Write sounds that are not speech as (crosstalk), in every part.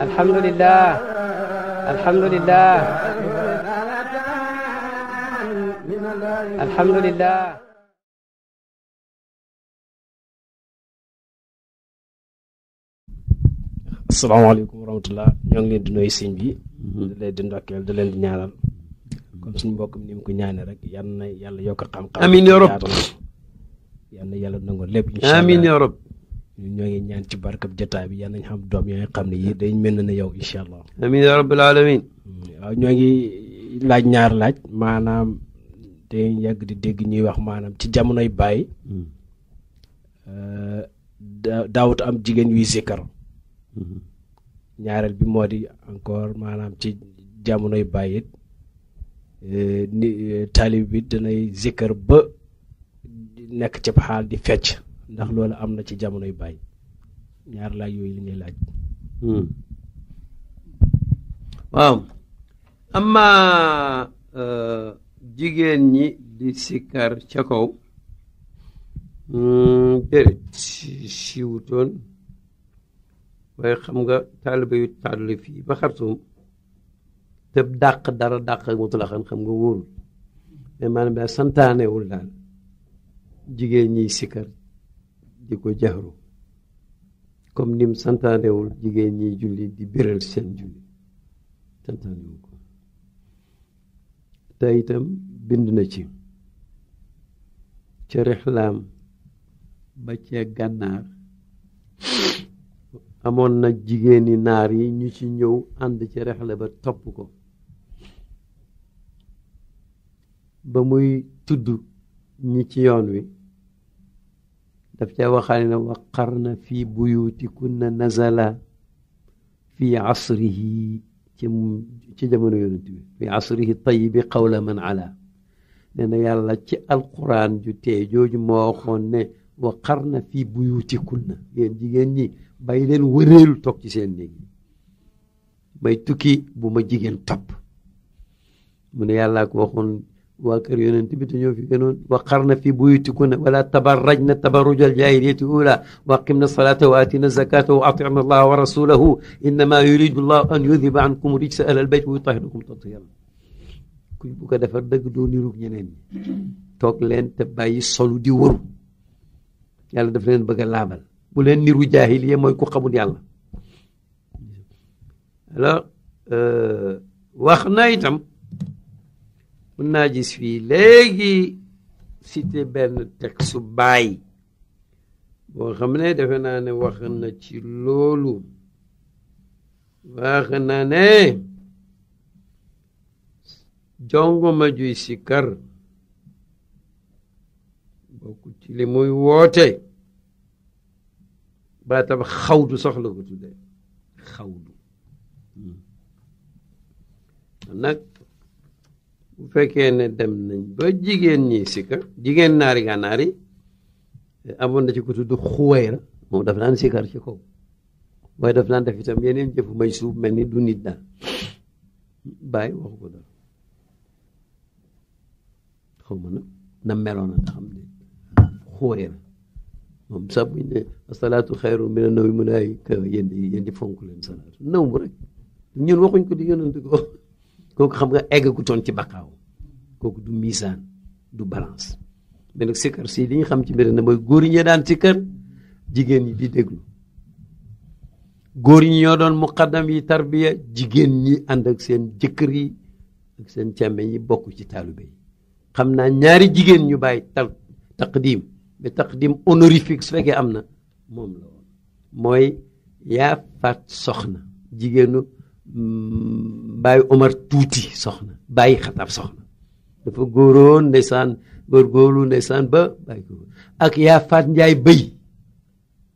alhamdulilah alhamdulilah alhamdulilah. asalaamaaleykum wa rahmatulah ñoo ngi leen di nuyu sëñ bi. Mhm. di leen di ndokkeel di leen di ñaanal. comme suñu mbokk mi ni mu ko ñaanee rek yal na yàlla yokk xam-xam. amiin yaa rabb yal yàlla nangu lépp incha allah amiin yaa rab ñoo ngi ñaan ci barkab jotaay bi yal nañ xam doom yaa ngi xam ne yii dañ mel na yow incha allah. amiin yaa rabbal alamin mm, waaw ñoo ngi laaj ñaar laaj maanaam te yàgg di dégg ñuy wax maanaam ci jamonoy bàyyi mm. euh, daawut am jigéen yuy zikkar mm-hmm. ñaareel bi moo di encore maanaam ci jamonoy euh, euh, danay zikkar ba. nekk ci xaal di fecc ndax loolu am na ci jamonoy baay ñaar laaj yooyu li ngay laaj hmm. waaw amma euh, jigéen ñi di sikkar ca kaw hmm, déedéet siiwutoon waaye xam nga taaliba yu taaliba fii ba xartum te dàq dara dàq mutlaxan xam nga wóorul mais maanaam daa santaanewul daal jigéen ñiy sikar di ko jaxru comme nim santaanewul jigéen ñi julli di biral seen julli santaanewul ko te itam bind na ci ca rexlaam ba cee gànnaar amoon na jigéeni naar yi ñu ci ñëw ànd ca rexle ba topp ko ba muy tudd ñi ci yoon wi daf ca waxaale ne waqarna fi buyutikunna nazala fi asrihi ci ci jamono yonent bi fi asrihi tayibi qawla man ala nee na yàlla ci alquran ju tee jooju moo waxoon ne waqarna fi buyutikunna yéen jigéen ñi bàyyi leen wëreelu toog ci seen néeg yi may tukki bu ma jigéen topp mu ne yàlla ko waxoon waa kër yonent bi te ñoo fi gënoon waqarna fi buyutikunna wala tabarrajna tabarruja aljaahiliyati ula wa aqimna salata wa atina zakata wa atina allaha wa rasulahu innama yuridu llahu an yudhiba ankum rijsa ahlal bayt wa yutahhirakum tathiran kuñ bu ko defar dëgg doo niru ñeneen toog leen te bàyyi solu di wëru yàlla daf leen bëgg a laabal bu leen niru jaahiliya mooy ku xamul yàlla alors euh, wax na itam mën naa gis fii léegi cité benn texte baay boo xam ne defe naa ne wax na ci loolu wax na ne jongoma juy sikar bokku ci li muy woote baatab xawdu soxla ko tudde xawdu hmm. nag bu fekkee ne dem nañ ba jigéen ñi sikka jigéen naari gànnaar yi amoon na ci ku tudd xuwayra moom daf daan sikkar ci kaw waaye daf daan def itam yeneen jëfu may suuf mel ni du nit daal bàyyi waxu ko dara xaw na meloon na xam ne xuwayra moom sax buñ ne asalaatu xayru mina nawmi mu ne ay yéen di fonk leen salaatu naw mu rek ñun waxuñ ko di yonent ko kooku xam nga eggagutoon ci baqaaw kooku du misaan du balance mais nag sikkar li ñu xam ci mbir na mooy góor ñi daan sikkar jigéen ñi di déglu góor ñi ñoo doon muqaddam yi tarbiya jigéen ñi ànd ak seen jëkkër yi ak seen càmmeñ yi bokk ci taalibe yi xam naa ñaari jigéen ñu bàyyi tal taqdim mais taqdim honorifique su fekkee am na moom la woon mooy yaa faat soxna jigéenu Mm, bàyyi Omar tuuti soxna bàyyi xatab soxna dafa góoroon ndeysaan góorgóorlu ndeysaan ba bàyyi ko ak yaa faat njaay bëy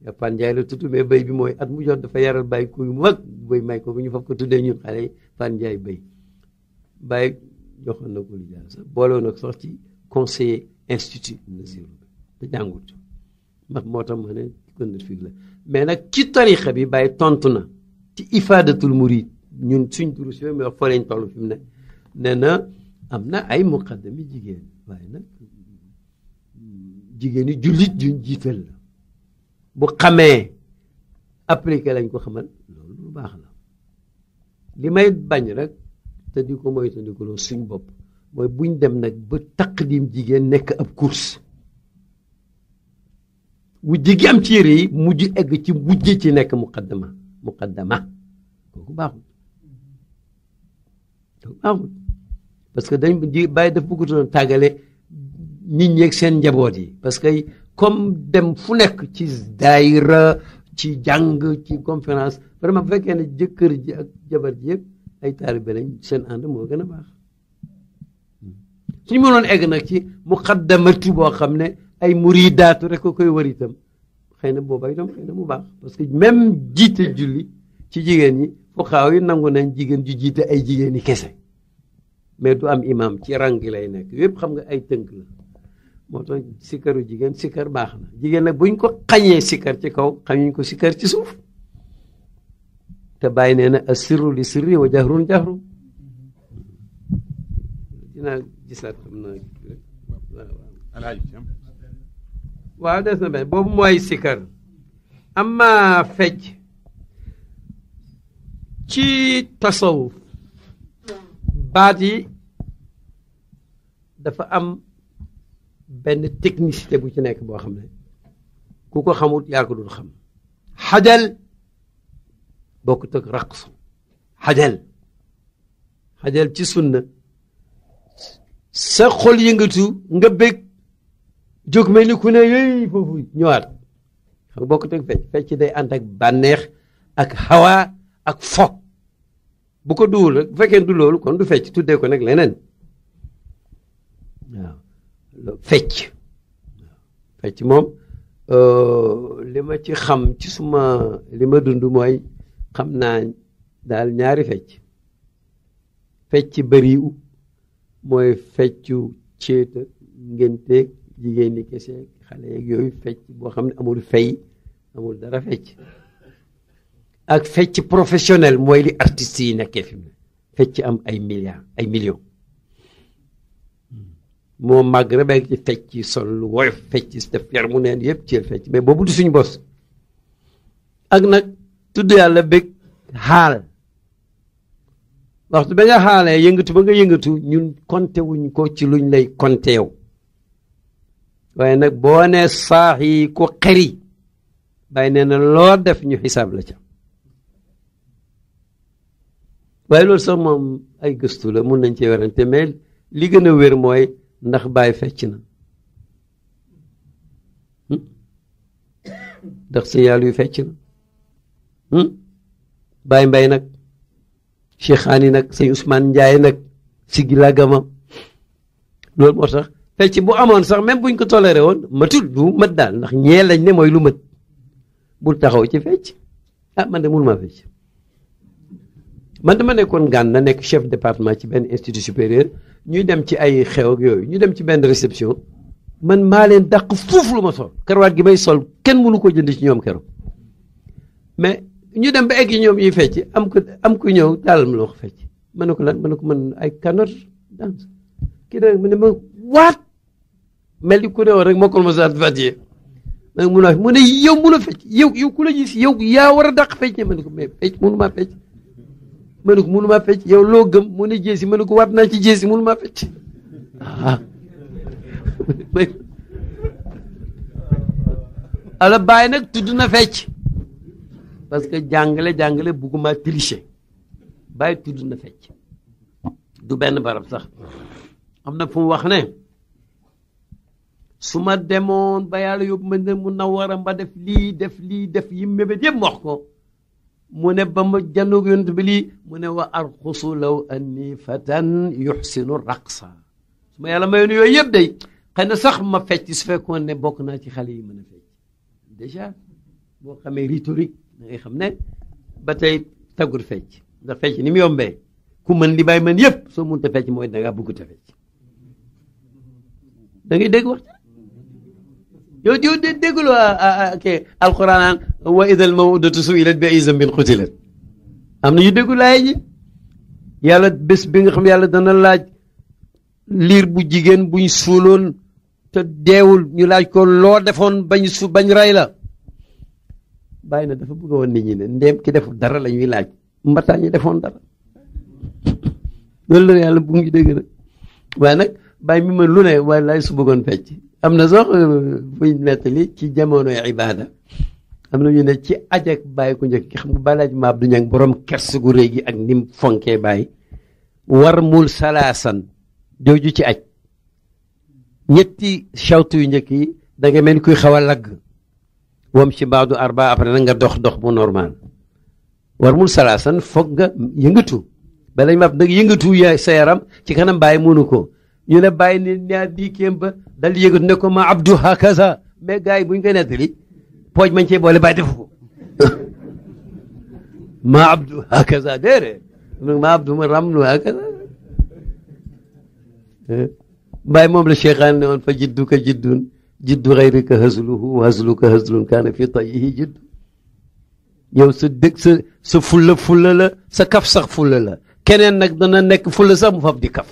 yaa faat njaay la tudd mais bëy bi mooy at mu jot dafa yaral bàyyi kuy mag bëy may ko bu ñu faf ko tuddee ñun xale yi faat njaay bëy bàyyi joxoon na ko lu sax booloo nag sax ci conseiller institut Nazir te jàngut ndax moo tax ma ne kon na fii la mais nag ci tarixa bi bàyyi tontu na ci ifaadatul murid ñun suñ durus yooyu muy wax fa lañ toll fi mu ne nee na am na ay muqaddami jigéen waaye nag jigéen yi jullit juñ jiital la bu xamee appliqué lañ ko xamal loolu baax la li may bañ rek te di ko moytandikuloo suñ bopp mooy buñ dem nag ba diim jigéen nekk ab course wujj gi am ci yére yi mujj egg ci wujj ci nekk muqaddama muqaddama kooku baaxul amul parce que dañ di bàyyi daf bëggutoon tàggale nit ñeeg seen njaboot yi parce que comme dem fu nekk ci daayira ci jàng ci conférence vraiment bu fekkee ne jëkkër ji ak jabar ji yëpp ay taalibe lañ seen ànd moo gën a baax suñu mënoon egg nag ci mu muqaddamati boo xam ne ay muridaatu rek ko koy war itam xëy na boobay doom xëy na mu baax parce que même jiite julli ci jigéen ñi fuqaaw yi nangu nañ jigéen ju jiit ay jigéeni kese mais du am imam ci rang gi lay nekk yëpp xam nga ay tënk la moo tax sikaru jigéen sikar baax na jigéen nag buñ ko xañee sikar ci kaw xañuñ ko sikar ci suuf te bàyyi nee na asirru li sirri wa jahrun jahru dinaa gisaat xam naa waaw des na benn boobu mooy sikar amma fecc ci tasawuf baat yi dafa am benn technicité bu ci nekk boo xam ne ku ko xamut yaa ko dul xam xajal bokkut ak raqs xajal xajal ci sunna sa xol yëngatu nga bég jóg mel ne ku ne yooyu foofu ñëwaat xam bokkut ak fecc fecc day ànd ak bànneex ak xawaa ak fo bu ko duwul rek bu fekkee du loolu kon du fecc tuddee ko nag leneen fecc fecc moom euh, li ma ci xam ci suma li ma dund mooy xam naa daal ñaari fecc fecc bëri mooy feccu céeta ngenteeg jigéen ñi kese xale yooyu fecc boo xam ne amul fay amul dara fecc ak fecc professionnel mooy li artistes yi nekkee fi mu fecc am ay milliards ay millions moo màgg rek ci fecc sol woyof fecc def yar mu neen yëpp ci fecc mais boobu du suñu bos ak nag tudd yàlla bëgg xaal waxtu ba nga xaalee yëngatu ba nga yëngatu ñun konte ko ci luñ lay konte yow waaye nag boo nee saax yi ko xëri bàyyi nee na loo def ñu xisaab la ca waaye loolu sax moom ay gëstu la mun nañ cee werante mais li gën a wér mooy ndax baay fecc na hmm? ndax signal yu fecc na hmm? baay mbay nag Cheikh Ani nag sëñ Ousmane Ndiaye nag sigi la gama loolu moo tax fecc bu amoon sax même buñ ko tollare woon matul du mat daal ndax ñee lañ ne mooy lu mat bul taxaw ci fecc ah man de mënuma fecc man dama nekkoon na nekk chef département ci benn institut supérieur ñuy dem ci ay xew yooyu ñu dem ci benn réception man maa leen dàq fuuf lu ma sol karawaat gi may sol kenn mënu ko jënd ci ñoom keroog mais ñu dem ba egg ñoom ñuy fecc am ko am ku ñëw daal ma la wax fecc ne ko lan ma ne ko man ay kanot danse kii nag mu ne ma waat mel ni ku ne woon rek mokkal ma saat fatiye ma ne mun a mu ne yow mun a fecc yow yow ku la yaa war a dàq fecc ma ne ko mais fecc mënu maa fecc ma ne ko mënu maa fecc yow loo gëm mu ne jéesi ma ne ko waat naa ci jéesi mënu maa fecc ah (laughs) ala bàyyi nag tudd na fecc parce que jàngale jàngale bugguma tricher bàyyi tudd na fecc du benn barab sax am na fu mu wax ne su ma demoon ba yàlla yóbbu ma ne mu nawara mba def lii def lii def yi mébét yëpp wax ko mu ne ba ma janoog yonent bi lii mu ne wa arqusu law anni fatan yuxsinu raqsa su ma yàlla mayoon yooyu yëpp day xëy na sax ma fecc su fekkoon ne bokk naa ci xale yi mën a fecc déjà boo xamee rhétorique da ngay xam ne ba tey tagul fecc ndax fecc ni mu yombee ku mën li bàyyi mën yëpp soo mënut a fecc mooy da ngaa bëggut a fecc da ngay dégg wax yow yow dégguloo ah, ah, ah, alxuraan wa idal mawudatu suilat bi ay zambin xutilat am na ñu déggu laay ji yàlla bés bi nga xam yàlla dana laaj liir bu jigéen buñ suuloon te deewul ñu laaj ko loo defoon bañ su bañ ray la bàyyi na dafa bëgg woon nit ñi ne ndéem ki deful dara la ñuy laaj mbataa defoon dara loolu yàlla bu ngi dégg nag bay nag bàyyi mi mën lu ne waaye laay su bëggoon fecc am na sax buñ euh, nettali ci jamonoy ibaada am na ñu ne ci aj ak bàyyi ku njëkk xam nga balaaj ma Abdou Niang borom kerse gu rëy ak ni mu fonkee bàyyi war mul salaasan ju ci aj ñetti shawtu yu njëkk yi danga mel mel kuy xaw a lagg wam ci baadu arba après na nga dox dox bu normal war mul salaasan foog nga yëngatu balaaj ma da nga yëngatu yaay sa yaram ci kanam bàyyi munu ko ñu ne bàyyi ne ñaar diikeem ba dal yëngatu ne ko ma Abdou hakaza mais gars yi buñ ko nettali pooj mañ cee boole bàyyi defu ko (laughs) maa abdu hakaza déere maa abdu ma ramlu hakaza bàyyi moom la cheikhaan ne woon fa jidduka jiddun jiddu xayrika hasluhu wa hasluka haslun kaana fi tayihi jiddu yow sa dëgg sa sa fulla fulla la sa kaf sax fulla la keneen nag dana nekk fulla sax mu fab di kaf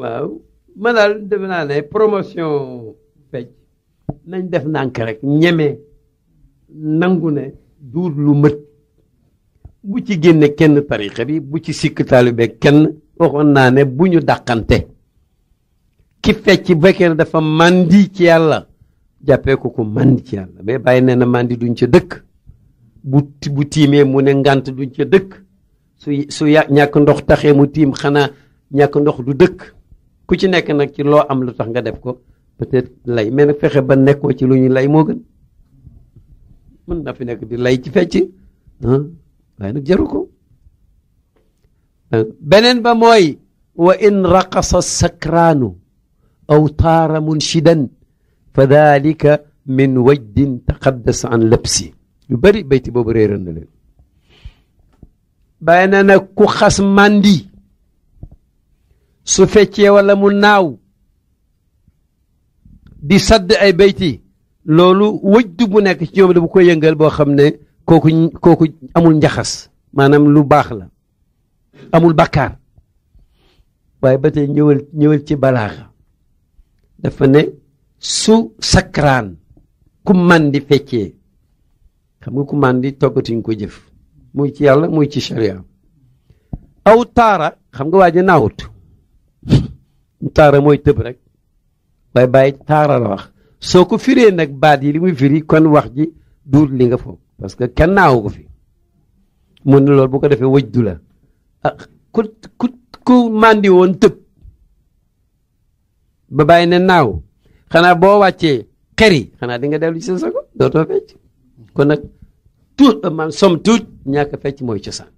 waaw ma daal defe naa ne promotion fecc nañ def ndànk rek ñeme nangu ne duur lu mët bu ci génne kenn tarixa bi bu ci sikk taalibe kenn waxoon naa ne bu ñu dàqante ki fecc bekkee ne dafa màndi ci yàlla jàppee ko ko màndi ci yàlla mais bàyyi nee na màndi duñ ca dëkk bu bu tiimee mu ne ngànt duñ ca dëkk su su yà ñàkk ndox taxee mu tiim xanaa ñàkk ndox du dëkk ku ci nekk nag ci loo am lu tax nga def ko peut-être lay mais nag fexe ba nekkoo ci lu ñu lay moo gën mën na fi nekk di lay ci fecc ah, waaye nag beneen ba mooy wa in raqasa sakraanu aw taara munshidan fa dalika min wajdin taqaddas an labsi yu bari bayti boobu réeran na leen bàyyi na nag ku xas màndi su feccee wala mu naaw di sadd ay bayti loolu wëjdu bu nekk ci ñoom dafa koy yëngal boo xam ne kooku kooku amul njaxas maanaam lu baax la amul bàkkaar waaye ba tey ñëwal ñëwal ci balaaxa dafa ne su sakraan ku màndi feccee xam nga ku màndi toggatuñ ko jëf muy ci yàlla muy ci sharia aw taara xam nga waa ji naawut (laughs) taara mooy tëb rek bay bay taaral wax soo ko firee nag baat yi li muy firi kon wax ji duut li nga foog parce que kenn naawu ko fi mu na loolu bu ko defee wëj du la ah ku ku ku woon tëb ba bàyyi ne naaw xanaa boo wàccee xer yi xanaa dinga nga dellu ci sa sago fecc kon nag tuut man somme tuut ñàkk fecc mooy cosaan